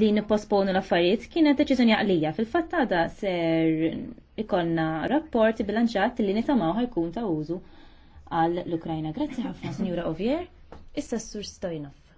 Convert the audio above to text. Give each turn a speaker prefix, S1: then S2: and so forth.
S1: li nipposponu l-affarijiet kienet deċiżjoni għalija. Fil-fattada ser ikonna rapport bilanċat li nitamaw ħajkun ta' użu għall l-Ukrajna. Grazzi ħafna, Signora Ovier. Issa s-sur Stojnov.